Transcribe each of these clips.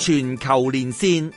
全球連線。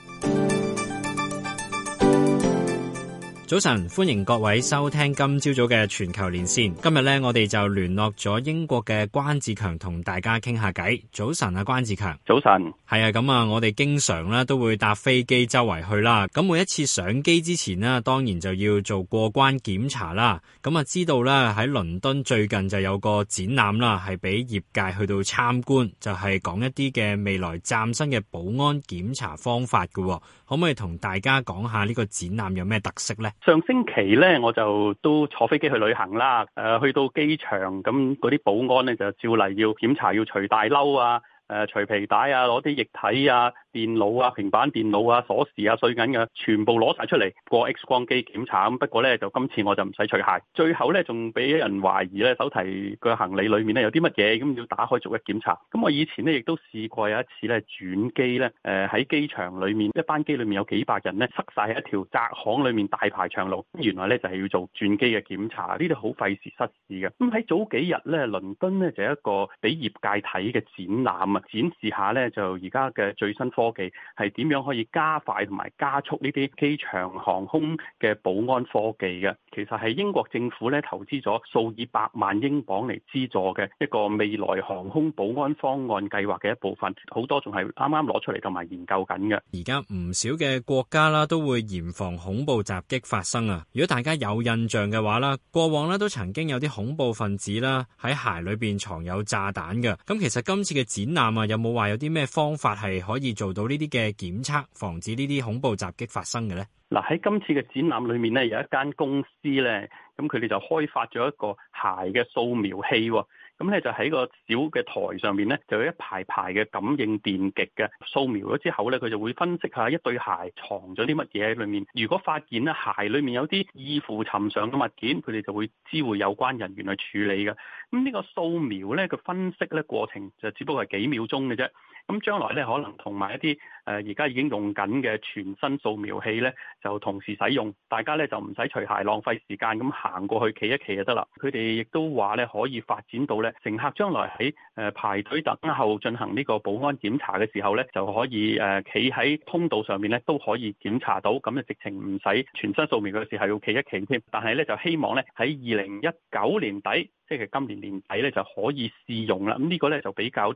早晨，歡迎各位收聽今朝早嘅全球連線。今日咧，我哋就聯絡咗英國嘅關志強，同大家傾下偈。早晨啊，關志強，早晨。係啊，咁啊，我哋經常咧都會搭飛機周圍去啦。咁每一次上機之前咧，當然就要做過關檢查啦。咁啊，知道啦，喺倫敦最近就有個展覽啦，係俾業界去到參觀，就係講一啲嘅未來嶄新嘅保安檢查方法嘅。可唔可以同大家講下呢個展覽有咩特色咧？上星期呢，我就都坐飛機去旅行啦，誒，去到機場咁，嗰啲保安呢，就照例要檢查，要除大褸啊。誒除皮帶啊，攞啲液體啊、電腦啊、平板電腦啊、鎖匙啊、碎銀啊全部攞晒出嚟過 X 光機檢查。咁不過咧，就今次我就唔使除鞋。最後咧，仲俾人懷疑咧，手提嘅行李裏面咧有啲乜嘢，咁要打開逐一檢查。咁我以前咧亦都試過有一次咧轉機咧，誒、呃、喺機場裏面，一班機裏面有幾百人咧，塞晒喺一條窄巷裏面大排長龍。原來咧就係、是、要做轉機嘅檢查，呢啲好費時失事嘅。咁喺早幾日咧，倫敦咧就係、一個俾業界睇嘅展覽啊。展示下呢，就而家嘅最新科技係點樣可以加快同埋加速呢啲機場航空嘅保安科技嘅。其實係英國政府咧投資咗數以百萬英鎊嚟資助嘅一個未來航空保安方案計劃嘅一部分，好多仲係啱啱攞出嚟同埋研究緊嘅。而家唔少嘅國家啦都會嚴防恐怖襲擊發生啊。如果大家有印象嘅話啦，過往咧都曾經有啲恐怖分子啦喺鞋裏邊藏有炸彈嘅。咁其實今次嘅展覽。啊，有冇話有啲咩方法係可以做到呢啲嘅檢測，防止呢啲恐怖襲擊發生嘅咧？嗱，喺今次嘅展覽裏面咧，有一間公司咧，咁佢哋就開發咗一個鞋嘅掃描器。咁咧就喺個小嘅台上面咧，就有一排排嘅感應電極嘅掃描咗之後咧，佢就會分析一下一對鞋藏咗啲乜嘢喺裏面。如果發現咧鞋裏面有啲異乎尋常嘅物件，佢哋就會知會有關人員去處理嘅。咁呢個掃描咧，佢分析咧，過程就只不過係幾秒鐘嘅啫。咁將來咧，可能同埋一啲誒而家已經用緊嘅全身掃描器咧，就同時使用，大家咧就唔使除鞋浪費時間，咁行過去企一企就得啦。佢哋亦都話咧可以發展到咧。乘客將來喺排隊等候進行呢個保安檢查嘅時候呢，就可以誒企喺通道上面呢，都可以檢查到，咁就直情唔使全身掃描嘅時候要企一企添。但係呢，就希望呢喺二零一九年底。即係今年年底咧，就可以試用啦。咁呢個咧就比較誒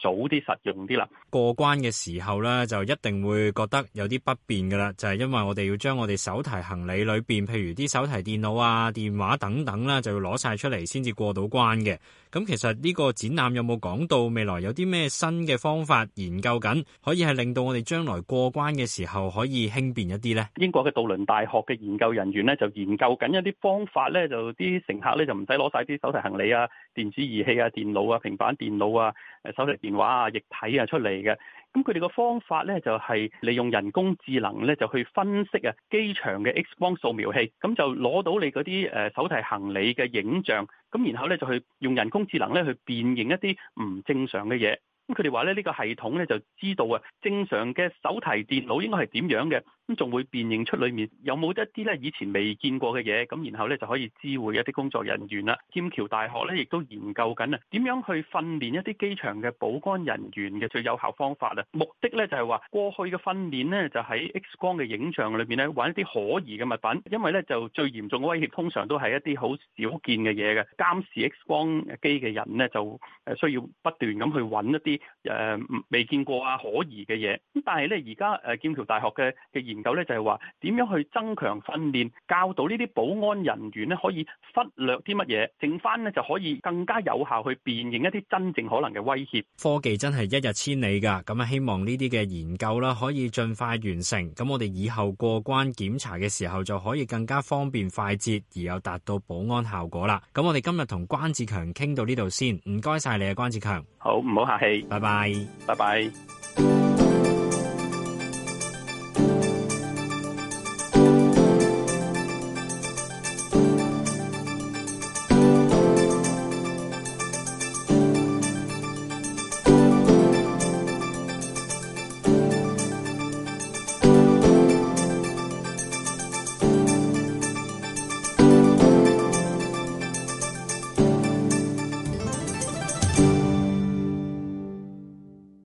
早啲實用啲啦。過關嘅時候咧，就一定會覺得有啲不便噶啦。就係因為我哋要將我哋手提行李裏邊，譬如啲手提電腦啊、電話等等啦，就要攞晒出嚟先至過到關嘅。咁其實呢個展覽有冇講到未來有啲咩新嘅方法研究緊，可以係令到我哋將來過關嘅時候可以輕便一啲咧？英國嘅杜倫大學嘅研究人員咧，就研究緊一啲方法咧，就啲乘客咧就唔使攞晒啲手提行李啊、電子儀器啊、電腦啊、平板電腦啊、誒手提電話啊、液體啊出嚟嘅，咁佢哋個方法呢，就係利用人工智能呢，就去分析啊機場嘅 X 光掃描器，咁就攞到你嗰啲誒手提行李嘅影像，咁然後呢，就去用人工智能呢，去辨認一啲唔正常嘅嘢。咁佢哋話咧，呢個系統咧就知道啊，正常嘅手提電腦應該係點樣嘅，咁仲會辨認出裏面有冇一啲咧以前未見過嘅嘢，咁然後咧就可以知會一啲工作人員啦。劍橋大學咧亦都研究緊啊，點樣去訓練一啲機場嘅保安人員嘅最有效方法啊。目的咧就係話，過去嘅訓練呢，就喺 X 光嘅影像裏面咧，揾一啲可疑嘅物品，因為咧就最嚴重嘅威脅通常都係一啲好少見嘅嘢嘅。監視 X 光機嘅人呢就誒需要不斷咁去揾一啲。誒、嗯，未見過啊，可疑嘅嘢，咁但係咧而家誒劍橋大學嘅嘅研究咧就係話，點樣去增強訓練，教導呢啲保安人員咧可以忽略啲乜嘢，剩翻咧就可以更加有效去辨認一啲真正可能嘅威脅。科技真係一日千里噶，咁啊希望呢啲嘅研究啦可以盡快完成，咁我哋以後過關檢查嘅時候就可以更加方便快捷，而又達到保安效果啦。咁我哋今日同關志強傾到呢度先，唔該曬你啊，關志強。好，唔好客氣。拜拜，拜拜。